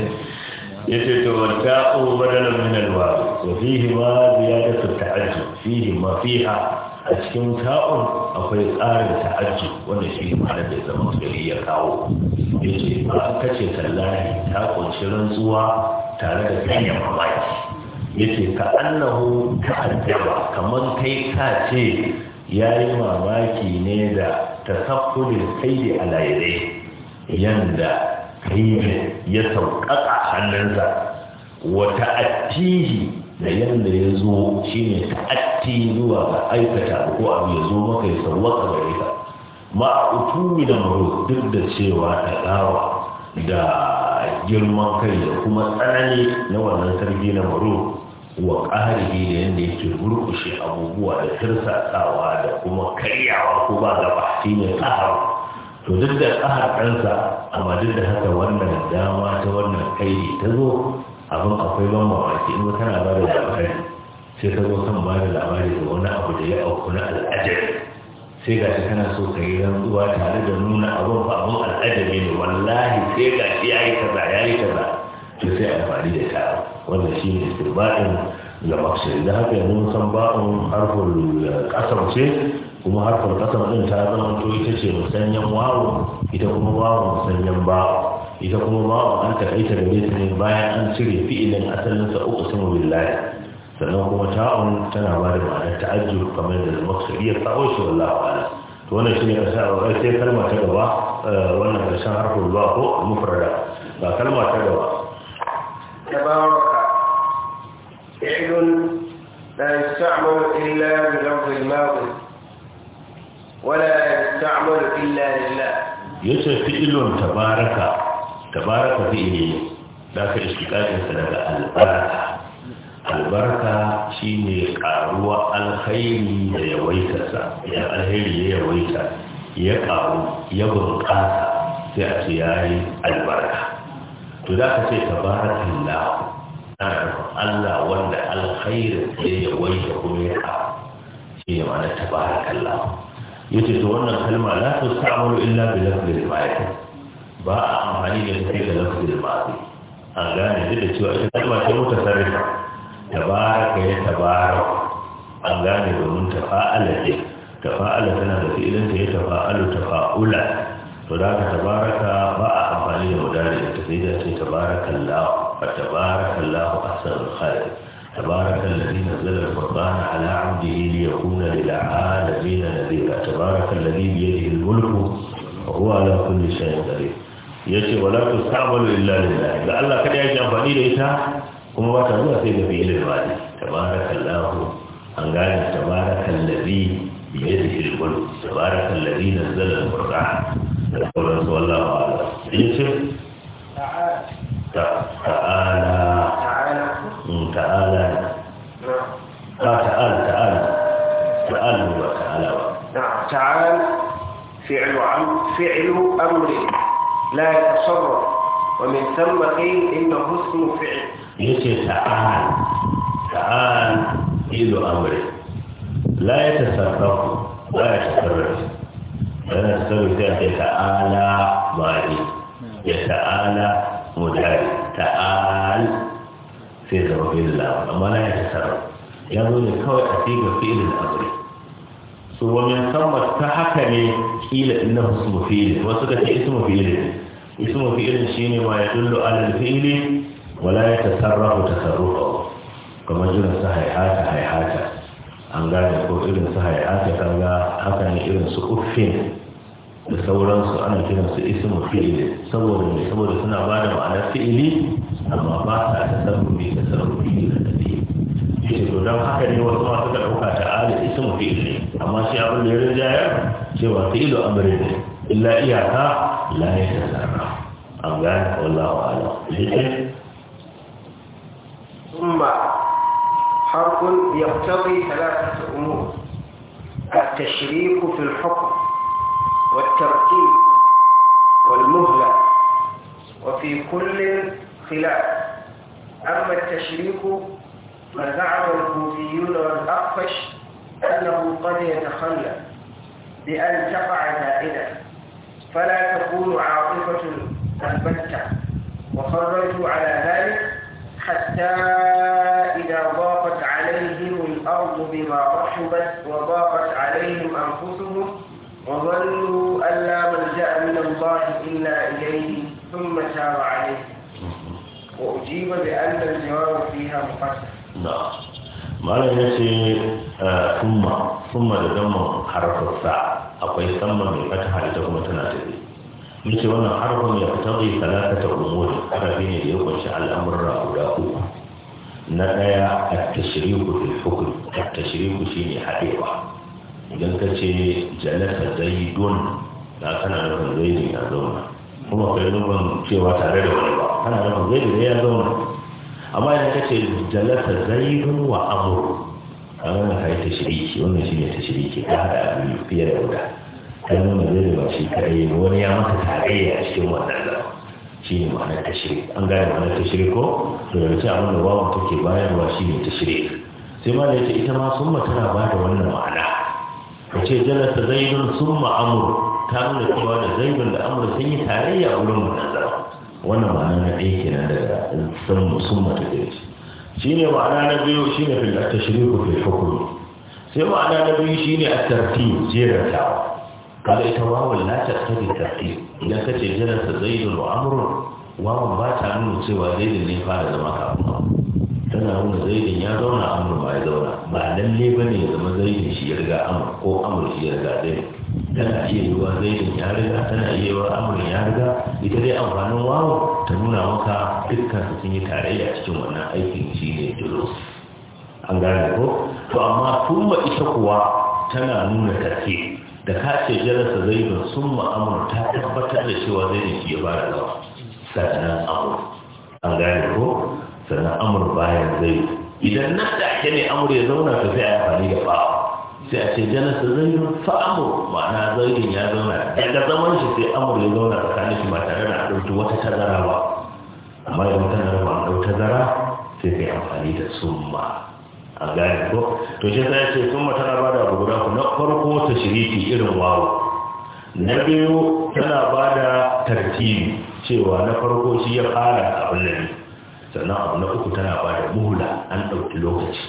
ya ce to wata o badalan min alwa wa fihi ma ziyadatu ta'ajjub fihi ma fiha a cikin ta'un akwai tsarin ta'ajjub wanda shi ma da bai zama gari ya kawo ya ce ba ce tallahi ta kunshi rantsuwa tare da sanya mamaki yace ka annahu ta'ajjaba kamar kai ka ce yayi mamaki ne da tasaffulin sayyidi ala yadayhi yanda kai ya sauƙaƙa hannunsa wata attihi da yanda ya zo shine ta'atti zuwa ga aikata ko abu ya zo maka ya sauwaka gare ka ma utumi da maro duk da cewa ta dawa da girman kai da kuma tsanani na wannan sarki na maro wa ƙarihi da yadda yake murkushe abubuwa da tirsatsawa da kuma karyawa ko ba gaba shi ne to duk da ƙahar ɗansa amma duk da haka wannan dama ta wannan kaidi ta zo abin akwai ban mamaki in tana ba da labari sai ta zo kan ba da labari da wani abu da ya auku na al'ajabi sai ga shi kana so ka yi rantsuwa tare da nuna abin fa abin al'ajabi ne wallahi sai ga shi ya yi kaza ya yi kaza to sai amfani da ta wannan shi ne istirba'in lamakshin Idan haka yanzu san ba'un harfin kasar ce kuma harfin kasar din ta zama to ita ce musanyen wawo ita kuma wawo musanyen bawo ita kuma wawo an takaita da ne bayan an cire fi'ilin asalin sa uku sun billahi sannan kuma ta'un tana ba da ma'anar ta'ajjur kamar da lamakshin ya kawo shi wallahu a'lam to wannan shi ne shine wakai sai kalma ta gaba eh, wannan karshen harfin ba ko mufarda. Ba kalma ta gaba تبارك فعل لا يستعمل إلا بلفظ الماضي ولا يستعمل إلا لله يسر فعل تبارك تبارك فيه ذاك استقاد سنبقى البركة البركة شيني قاروة الخير يا ويسسا يا الهير يا ويسسا يقعو يبقى في هاي البركة to za ka ce tabarakallah ana nufin Allah wanda alkhairin ya wani da kuma ya haɓa shi ne ma'ana tabarakallah ya ce to wannan kalma la ta sa'amalu illa bi lafzil ma'aikata ba a amfani da ta kai da lafzil ma'aikata an gane duk da cewa ita kalma ce mota sarrafa tabaraka ya tabaraka an gane domin tafa'ala ce tafa'ala tana da fi'ilin ta ya tafa'alu tafa'ula to da ka tabaraka ba a damar yauda da ita sai da ce tabarakallahu fatabarakallahu ahsanul khaliq تبارك الذي نزل القرآن على عبده ليكون للعالمين نذيرا تبارك الذي بيده الملك وهو على كل شيء قدير yace wala tustamal illa lillah da Allah kada yake amfani da ita kuma ba ta zuwa sai da fi'ilin wadi tabarakallahu an gane tabarakallazi bi yadihi al-mulk tabarakallazi nazzala al-qur'an da qawlan wallahu yace ta'ala ta'ala تعال تعال تعال هو تعالى نعم تعال فعل عم فعل أمر لا يتصرف ومن ثم قيل إنه اسم فعل يسي تعال تعال فعل أمر لا يتصرف لا يتصرف لا يتصرف تعالى مالي ya ta'ala mudari ta'al sai zama fi'il lawan amma na ya tasarra ya zo ne kawai a siga fi'ilin amri su wannan samar ta haka ne kila inna ismu fi'il wasu ka ce ismu fi'il ismu fi'il shine ma ya dullu ala fi'ili wala ya ta tasarrafu tasarrufa kamar irin su haihata haihata an gane ko irin su haihata kan ga haka ne irin su uffin da sauransu ana kiransu ismu fi'ili saboda mai saboda suna ba da ma'anar fi'ili amma ba sa da sarrufi da sarrufi da tafi shi to don haka ne wasu masu ka ɗauka ta'ala ismu fi'ili amma shi abin da ya rinjaya cewa fi'ilu amrin ne illa iyaka la ya tasarra an gane wallahu a'lam yake ثم حرف يقتضي ثلاثة أمور التشريك في الحكم والترتيب والمهلة وفي كل خلاف أما التشريك فزعم الكوفيون والأقفش أنه قد يتخلى بأن تقع زائدة فلا تكون عاطفة البتة وخرجوا على ذلك حتى إذا ضاقت عليهم الأرض بما رحبت وضاقت عليهم أنفسهم وظنوا أن لا ملجأ من الله إلا إليه ثم تاب عليه وأجيب بأن الجواب فيها مقصر نعم malam ya ce summa summa da damman harafin sa akwai samma mai fata halitta kuma tana tafi yace wannan harafin ya fita zai salatata umuri harafi ne da ya kunshi al'amurra guda uku na ɗaya a tashiriku fil hukm at tashiriku shine haɗewa idan ka ce jalasa don da kana nufin zaidun ya zauna kuma kai nufin cewa tare da wani ba kana nufin zaidun ya zauna amma idan ka ce jalasa don wa amur a wannan ka yi tashiriki wannan shi ne shiriki ka haɗa biyu fiye da guda kai nuna zaidun ba shi kai wani ya maka tarayya a cikin wannan zama shi ne ma'anar tashiri an gane ma'anar tashiri ko to da ce abin da wawan take bayarwa shi ne tashiri sai ma da ita ma sun tana ba da wannan ma'ana ka ce jalasa zaidun sun ma'amur ta nuna cewa da zaidun da amur sun yi tarayya a wurin munazara wannan ma'ana na ɗaya kenan daga sun musamman da ɗaya shi ne ma'ana na biyu shi ne fil tashriku fil hukmi sai ma'ana na biyu shi ne a tartib jeratawa kaga ita wawun la ta tabi tartib idan ka ce jalasa zaidun wa amrun wawun ba ta nuna cewa zaidun ne fara zama kafin tana nuna zaidin ya zauna amur ba ya zauna ba lalle ba ne zama zaidin shi ya riga amur ko amur shi ya riga zaidin tana iya yiwuwa zaidin ya riga tana iya yiwuwa amur ya riga ita dai amfanin wawo ta nuna maka dukkan su sun yi tarayya cikin wannan aikin shi ne julus an gane ko to amma kuma ita kuwa tana nuna take da ka ce jarasa zaidin sun ma'amur ta tabbatar da cewa zaidin shi ya da zawa sannan amur an gane ko sannan amur bayan zai idan na da ake ne amur ya zauna ka sai a amfani da bawa sai a ce janasa zai fa amur ma'ana zaidin ya zauna daga zaman shi sai amur ya zauna tsakanin shi ba tare da ɗauki wata tazara ba amma idan tana ba ɗau tazara sai kai amfani da summa a gane ko to shi sai ce summa tana ba da abu guda ku na farko ta shiriki irin wawo na biyu tana ba da tartibi cewa na farko shi ya fara abin ne sannan abu na uku tana ba da muhula an ɗauki lokaci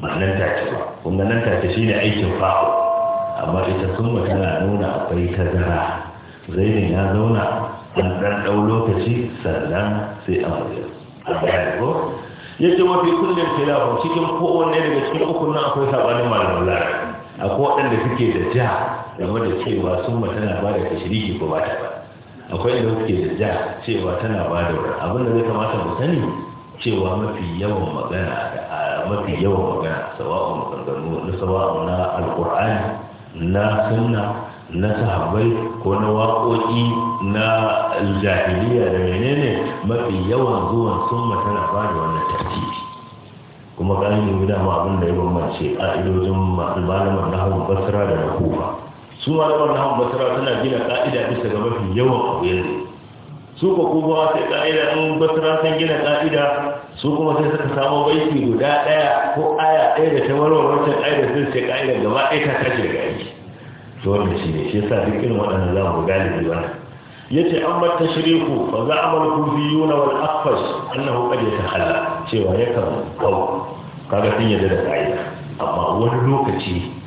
ba ta ce ba kuma nan ta ce shi ne aikin fa'o amma ita sun tana nuna akwai tazara zainin ya zauna an ɗan ɗau lokaci sannan sai an wajen a ko yake mafi kullum filafin cikin kowanne daga cikin uku na akwai sabanin malamin larabci akwai waɗanda suke da ja game da cewa sun tana ba da tashiriki ko ba ta ba akwai da suke ja cewa tana ba da wuri abin zai kamata mu sani cewa mafi yawan magana da mafi yawan magana sawa'un maganganu na sawa'un na alkur'ani na sunna na sahabbai ko na waƙoƙi na jahiliya da menene mafi yawan zuwan sunma tana ba da wannan tartibi kuma galibi dama abin da ya bambance a idojin malaman na basra da na kufa su malaman na hau basira suna gina ka'ida bisa ga mafi yawan abu yanzu su ko kuma sai ka'ida an basira sun gina ka'ida su kuma sai suka samu baiki guda ɗaya ko aya ɗaya da ta warware wancan ƙa'ida sun ce ka'ida gaba ɗaya ta tashi daga aiki to wannan shi ne shi yasa duk irin waɗannan za mu galibi wannan yace amma tashriku fa biyu na wal aqfas annahu qad yatahalla cewa yakan kau kaga sun yadda da ka'ida amma wani lokaci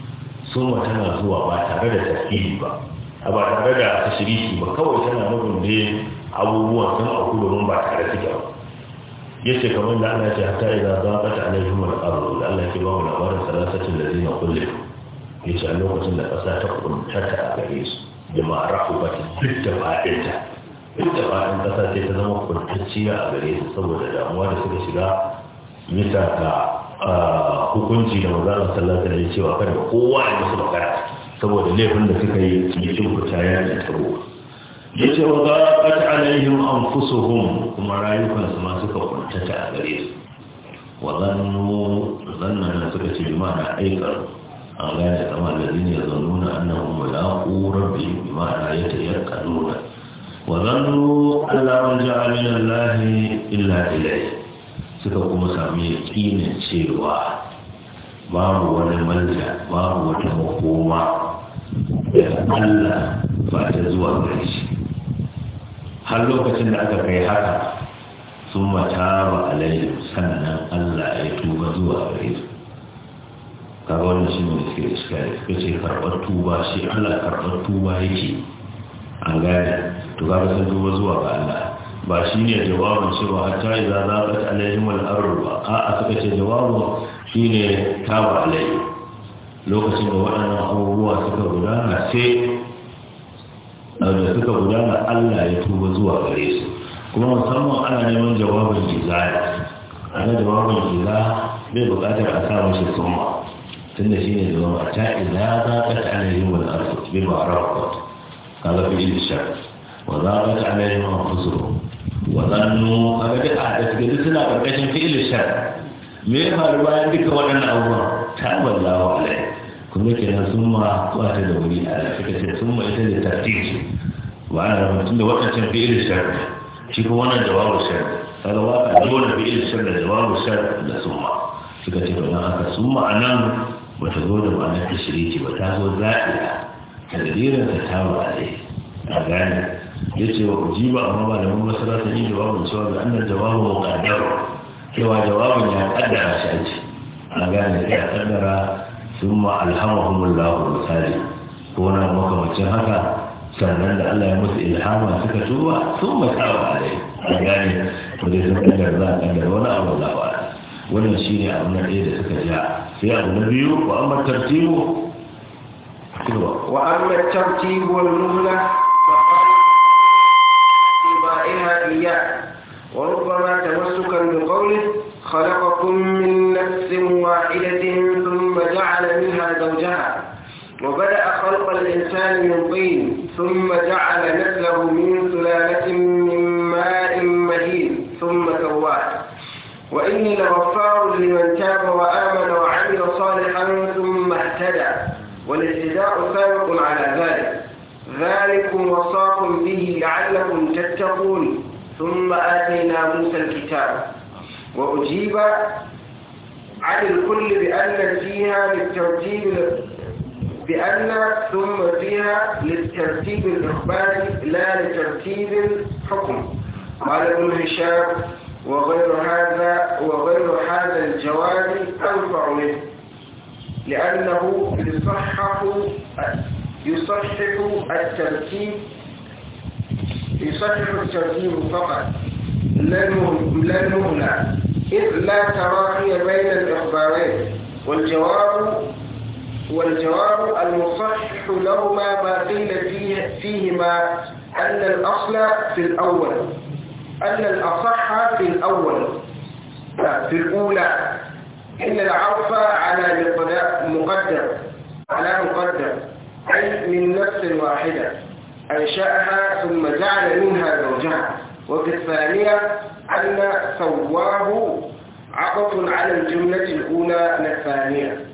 soma tana zuwa ba tare da tasiri ba a ba tare da shiriki ba kawai tana nufin da abubuwan sun auku domin ba tare suke ba ya ce kamar da ana ce hata idan za ka ta alaihim al'arzu da Allah ke ba mu labarin sarasatin da zina kulle ya ce a lokacin da ƙasa ta kuntata a gare su da ma rafu ba ta duk da faɗinta duk da ƙasa ce ta zama kuntacciya a gare su saboda damuwa da suka shiga bisa ta hukunci da manzana sallata da ya cewa kada kowa ya musu magana saboda laifin da suka yi ya cinkuta ya ce tabo ya ce wa zaƙat alaihim an hun kuma rayukansu ma suka kwantata a gare su wa zanna zannan da suka ce bi ma'ana aikar an gane kama da zini ya nuna na mulaku rabbi bi ma'ana ya ta yarka nuna wa zannu alamun illa suka kuma sami yakinin cewa babu wani manja babu wata makoma da Allah ba ta zuwa gare shi har lokacin da aka kai haka sun mata ba alayhi sannan Allah ya tuba zuwa gare su kaga wannan shi ne suke iskari suka ce karɓar tuba shi Allah karɓar tuba yake an gane to ba sun tuba zuwa ga Allah ba shi ne jawabin cewa hatta idza zaqat alaihim al-ardu ba a'a suka ce jawabin shine tawa alaihi lokacin da waɗannan abubuwa suka gudana sai da suka gudana Allah ya tuba zuwa gare su kuma musamman ana neman jawabin jizaya ana jawabin jizaya bai bukatar a sa mashi soma tun da shi ne da zama ta ina za ka ta ana yin wani arziki bai ba a rawa kaga fi shi wa za ka ta ana yin wani fusuro wa zannu kaga duk a da duk suna karkashin fi'il shar me ya faru bayan duka waɗannan abubuwan ta ballawa alai kuma kenan sun ma kwata da wuri a suka ce sun ma ita da tafsir ba a da mutum da waɗancan fi'il shar shi ko wannan jawabu shar kaga waka dole fi'il shar da jawabu shar da summa suka ce ba haka summa anan ba ta zo da ma'anar tashiriki ba ta zo zaɗi a tadbirin ta tawo alai a gane ya ce wa ujiba amma malaman masara ta yi jawabin cewa da annan jawabin mu ƙaddar cewa jawabin ya ƙaddara shi a ce a gane ya ƙaddara sun ma alhamahun lahu misali ko na makamacin haka sannan da Allah ya musu ilhama suka tuba sun matsawa a dai a gane dai sun ƙaddar za a ƙaddar wani abu da ba wannan ne abu na ɗaya da suka ja sai abu na biyu wa amma tartibu wa amma tartibu wal muhla وراءها إياه وربما تمسكا بقوله خلقكم من نفس واحدة ثم جعل منها زوجها وبدأ خلق الإنسان من طين ثم جعل نسله من سلالة من ماء مهين ثم سواه وإني لغفار لمن تاب وآمن وعمل صالحا ثم اهتدى والاهتداء سابق على ذلك ذلكم وصاكم به لعلكم تتقون ثم آتينا موسى الكتاب وأجيب عن الكل بأن فيها للترتيب بأن ثم فيها للترتيب الإخباري لا لترتيب الحكم قال ابن هشام وغير هذا وغير هذا الجواب أنفع منه لأنه يصحح يصحح الترتيب يصحح الترتيب فقط لا نمنع إذ لا تراحي بين الإخبارين والجواب والجواب المصحح لهما ما قيل فيه فيهما أن الأصل في الأول أن الأصح في الأول في الأولى إن العرف على مقدر على مقدر أي من نفس واحدة أنشأها ثم جعل منها زوجها وفي الثانية أن سواه عطف على الجملة الأولى من الثانية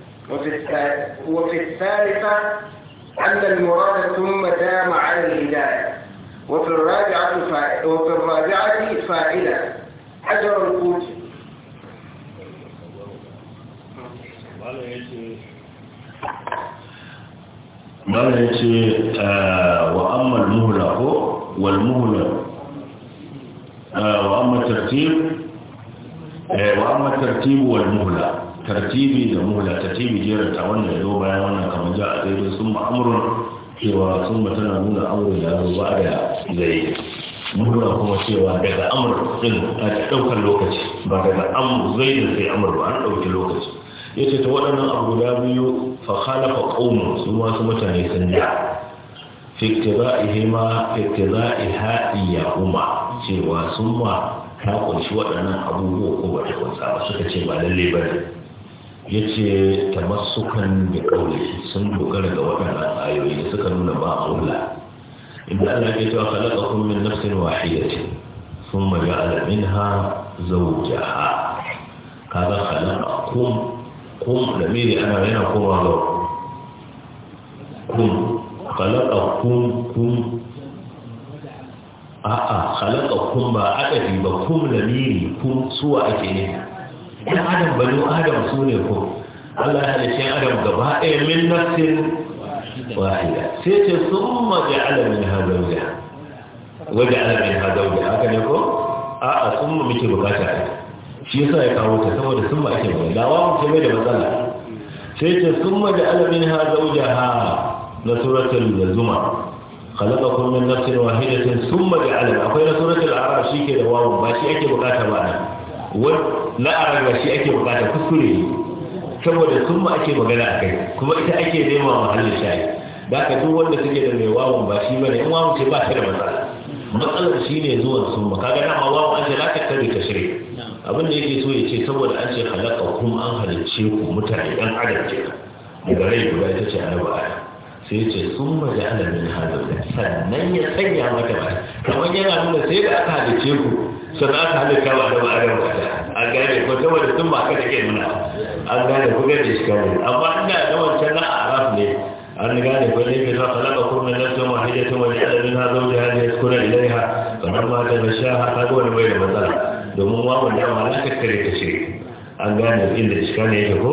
وفي الثالثة أن المراد ثم دام على الهداية وفي الرابعة فائدة وفي الرابعة فائدة أجر القوت mana ya ce ah, wa ammal muhula ko wal muhula ah, wa amma tartib eh, wa amma tartib wal muhula tartibi da muhula tartibi jerin wannan yau bayan wannan kamar ja a daidai sun ma'amurin cewa sun tana nuna amurin ya zo ba da zai nuna kuma cewa daga amur din a ɗaukar lokaci ba daga amur zai da sai amur ba an ɗauki lokaci ya ce ta waɗannan abu guda biyu fa khalafa su masu mutane sun da haɗi ya kuma cewa sun ma ta kunshi waɗannan abubuwa ko ba ta ƙunsa ba suka ce ba lalle ba ne ya ce ta kan da ƙauli sun dogara ga waɗannan ayoyi da suka nuna ba a wula inda Allah ke cewa kun min nafsin wahidatin thumma ja'ala minha zawjaha kaga kun kum da miri ana yana koma ga kum khalaqa kum kum a'a khalaqa kum ba adadi ba kum da miri kum suwa ake ne ya adam bani adam su ne ko. Allah ya halice adam gaba ɗaya min nafsin wahida sai ce summa ja'ala min hadawja Wajen ja'ala min hadawja haka ne ko a'a summa muke bukata ne shi sa ya kawo ta saboda sun ake ba da ce mu da matsala sai ta sun da alamin ha zawjaha na suratul zuma خلقكم من نفس واحدة ثم جعل أقول سورة الأعراف شيء كده واو ما شيء أكي بقاتا معنا ولا أعرف shi ake bukata kuskure. saboda sun ma ake magana a kai kuma ita ake nema mahallin shayi da aka duk wanda suke da mai wawan ba shi bane in wawan ce ba ta da matsala matsalar shi ne zuwan sun ma kaga dama wawan an ce za ka tare ta shirya abin da yake so ya ce saboda an ce halaka kuma an halicce ku mutane ɗan adam ke daga rai guda ita ce annabi adam sai ya ce sun maji ala min halaka sannan ya sanya mata ba kamar yana nuna sai da aka halicce ku sannan aka halitta wa annabi adam ba an gane ko saboda sun ba ka da ke nuna an gane ko gane shi kawai amma ina da wancan na araf ne an gane ko ne ke sa halaka kuma na nafsin ya wa ja'ala ilaiha. kamar ma ta falamma haka. qad wani bai da matsala domin wawon dama na suka kare ta shirka an gane inda ne ya ko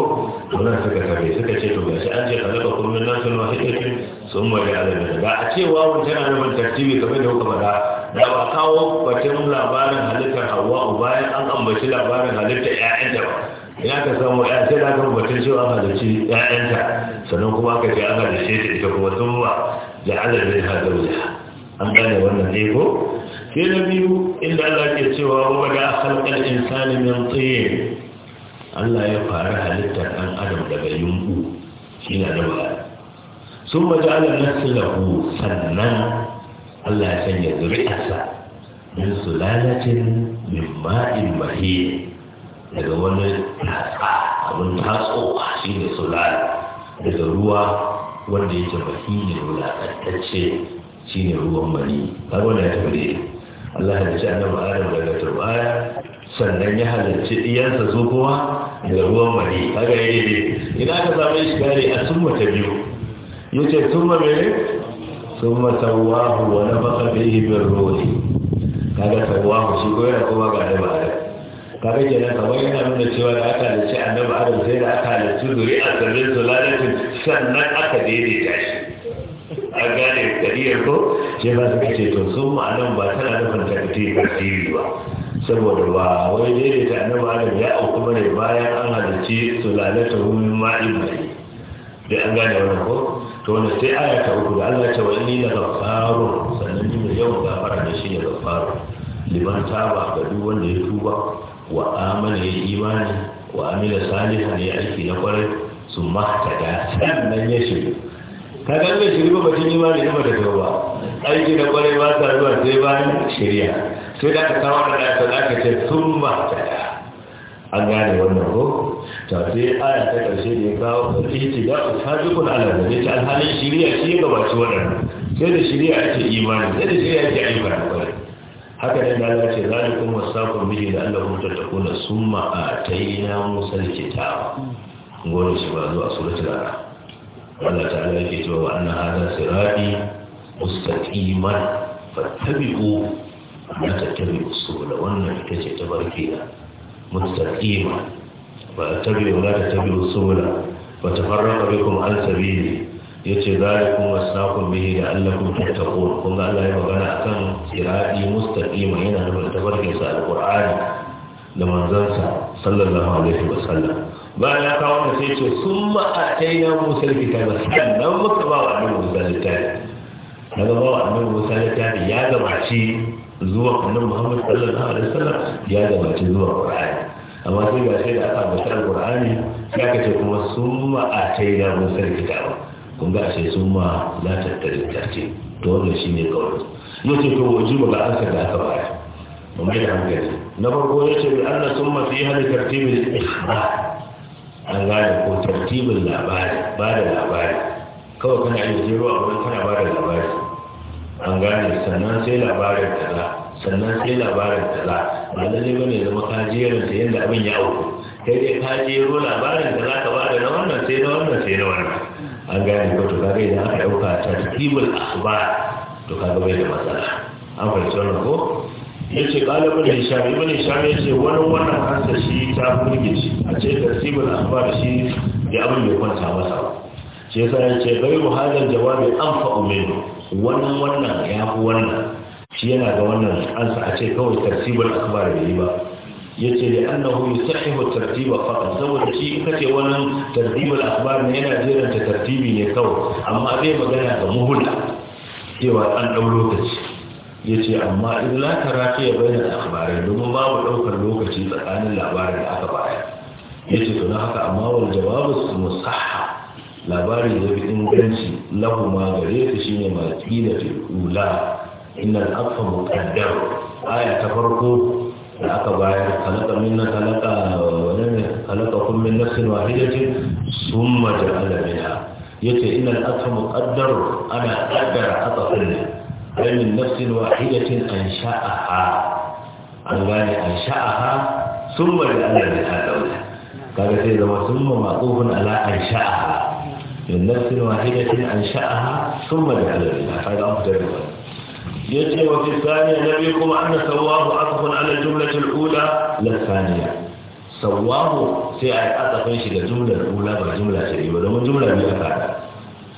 wannan suka kare suka ce to gashi an ce ka zaba kullum na sun wasu ɗauki sun waje alamin ba a ce wawon tana da wani tartibi game da kuka faɗa da ba kawo batun labarin halittar hawa'u bayan an ambaci labarin halittar 'ya'yanta ba ya ka samu ya ce da kan batun cewa an halarci ƴaƴanta sannan kuma ka ce an halarce ta ita kuma sun ba da adadin ha zauja an gane wannan ne ko sai biyu inda Allah ke cewa wa a halkar insani min tsaye Allah ya fara halittar ɗan adam daga yunku shi na da ba sun Allah ala tsira ku sannan Allah ya sanya zuri'arsa min sulalatin min ma'in mahi daga wani tatsa abin tatsowa shi ne sulal daga ruwa wanda yake mahi ne wulatantacce shi ne ruwan mani har wanda ya tafi Allah ya ce annabi Adam daga turbaya sannan ya halarci iyansa zo kowa da ruwan mari haka ya yi ina ka zama shi gare a sun ta biyu yace summa me summa tawahu wa nafaqa bihi bir ruhi kaga tawahu shi ko yana kuma ga da Adam. kaga kenan kamar yana nuna cewa da aka halarci annabi Adam sai da aka halarci zuri a sannan aka daidaita shi a gane kariyar ko shi ba suka ce to sun ma'anan ba tana nufin takati tasiri ba saboda ba wani a na annabi adam ya auku bane bayan an halarci sulalata min ma'in mai da an gane wani ko to wanda sai aya ta uku da Allah ta wani na la sannan ni mai yawan gafara da shi ne ghafaru liman taba ga duk wanda ya tuba wa amana ya imani wa salihu salihan ya aiki na kwarai su mahtada sannan ya shiga. ta ga da shiri ba mutum imani ne ba da gaba aiki da kwarai ba ta zuwa sai bayan shirya sai da aka kawo da aka aka ce sun ba ta an gane wannan ko ta sai aya ta karshe da ya kawo fasihi da ta ala da ne ta alhalin shirya shi gabaci wadannan. sai da shirya ake imani sai da shirya ake ayyuka da kwarai haka ne Allah ce za kuma zalikum ta bihi la allakum tattaquna summa yi na musar gona shi ba zuwa suratul araf Allah ala yake cewa wa anna hadha sirati mustaqiman fattabi'u la tattabi'u subula wannan ita ce ta barke tabarkiya mustaqima wa tattabi'u la tattabi'u subula wa tafarraqa bikum an sabili yace zalikum wasaqum bihi la'allakum tattaqun kun ga Allah ya magana akan sirati mustaqima yana da tabarkin sa alqur'ani da manzansa sallallahu alaihi wasallam bayan ya kawo da sai ce sun ma a na musa littafi sannan muka ba wa annabi musa littafi na gaba wa annabi musa littafi ya gabaci zuwa annabi muhammad sallallahu alaihi wasallam ya gabaci zuwa qur'ani amma sai ga sai da aka bata alqur'ani sai aka ce kuma sun ma'atai na musa ba. kun ga ashe sun ma la tattare ta ce to wannan shine kawai yace to wajiba ba an da aka baya mun da hankali na farko yace bi anna summa fi hada tartibil ikhbar an gane ko tartibin labari ba da labari kawai kana yi jiro a wurin kana ba da labari an gane sannan sai labarin za sannan sai labarin za ba ne bane zama ka jerin ta yadda abin ya auku kai dai ka jero labarin ta za ka ba da na wannan sai na wannan sai na wannan an gane ko to kaga idan aka dauka tartibul akhbar to ga bai da matsala an fahimci wannan ko ya ce ɗalibin da ishari wani ishari ya ce wani wannan hansa shi ta burge shi a ce tasibin akhbar shi ya abin da kwanta masa ce shi ya ce bai mu hadar jawabi an fa'u min wannan wannan ya fi wannan shi yana ga wannan ansa a ce kawai tasibin akhbar da yi ba ya ce da annahu yusahihu tartiba faqat saboda shi kace wannan tartibul akhbar ne yana jeranta tartibi ne kawai amma bai magana ga muhulla cewa an ɗau lokaci ya ce amma in la ta rafiya bayan labarai domin babu ɗaukar lokaci tsakanin labarin da aka baya ya ce tuna haka amma wal jawabu musahha labari da bi inganci lahu ma gare shine ma qila fi ula inna al-afha muqaddar aya ta farko da aka bayar khalaqa minna khalaqa wala ne khalaqakum min nafsin wahidatin summa ja'ala minha yace inna al-afha muqaddar ana qaddara atafin ai min nafsin wahidatin ansha'aha an gane ansha'aha summa da Allah ya hada wa sai zama summa maqufun ala ansha'aha min nafsin wahidatin ansha'aha summa da Allah ya hada wa yace wa fi thani nabi kuma anna sawahu athfun ala jumla al-ula la sawahu sai a tsafin shi da jumla al-ula ba jumla ce ba don jumla biya ta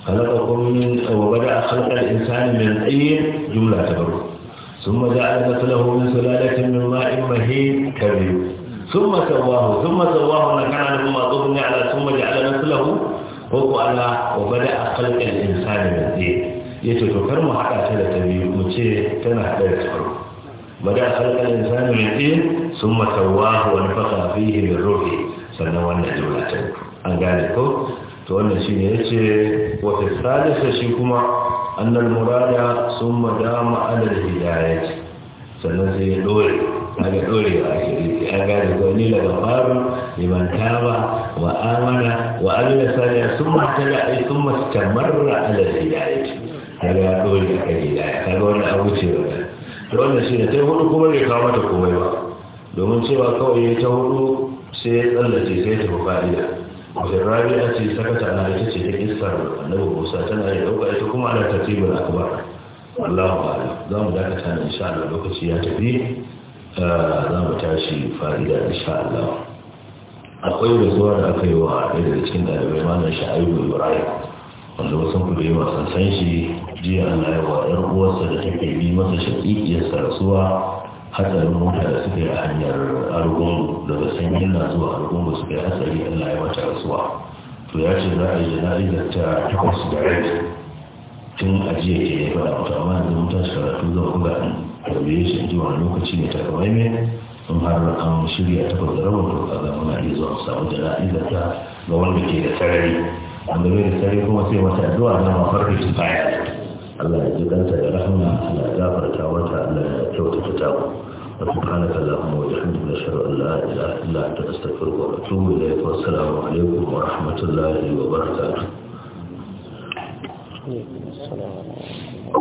خلقكم من وبدأ خلق الإنسان من الطين جملة تبرك ثم جعل مثله من سلالة من ماء مهين كبير ثم سواه ثم سواه مكانا مما قدرنا على ثم جعل مثله هو على وبدأ خلق الإنسان من الطين yace to kar mu haɗa ta da ta biyu mu ce tana haɗa da ta bada halkar insani mai ɗin sun matawa wani faka fiye da rufe sannan wannan jimla ta an gane ko to wannan shine yace wa fi salisa shi kuma annal murada summa dama ala hidayati sannan sai ya dore daga dore a shiriki an gane ko ni daga faru liman taba wa amana wa amila salihan summa tala ay summa tamarra ala hidayati kaga ya dore a kan hidaya kaga wannan abu ce to wannan shine sai hudu kuma bai kawo mata komai ba domin cewa kawai ya ta hudu sai ya tsallace sai ta fa'ida rabi'a ce sakata na ita ce ta kisar annabi musa tana yi dauka ita kuma ana tartibin akabar wallahu a'lam za mu dakata ne insha Allah lokaci ya tafi ah, za mu tashi fa'ida insha Allah akwai rasuwa da aka yi wa ɗaya daga cikin ɗalibai malam sha'ibu ibrahim wanda wasu kuma yi wasan san shi jiya ana yi wa uwarsa da take bi masa shaƙiƙiyar sarasuwa. hatsarin mota da suka yi a hanyar argungu daga sanyin na zuwa argungu suka yi hatsari allah ya da rasuwa to ya ce za a yi jana'izar ta takwas da rai tun ajiya ke ya fara mutu amma yanzu mun tashi karatu zan buga a tarbiyyar shi ji wani lokaci ne ta kamar mai in har an shirya ta da rabin to zama na iya zuwa samu jana'izar ta ga wanda ke da sarari an bai da sarari kuma sai mata addu'a na mafarki su baya Allah ya ji kanta da rahama Allah ya gafarta wata Allah ya kyautata ta ku وسبحانك اللهم وبحمدك نشهد ان لا اله الا انت نستغفرك ونتوب اليك والسلام عليكم ورحمه الله وبركاته.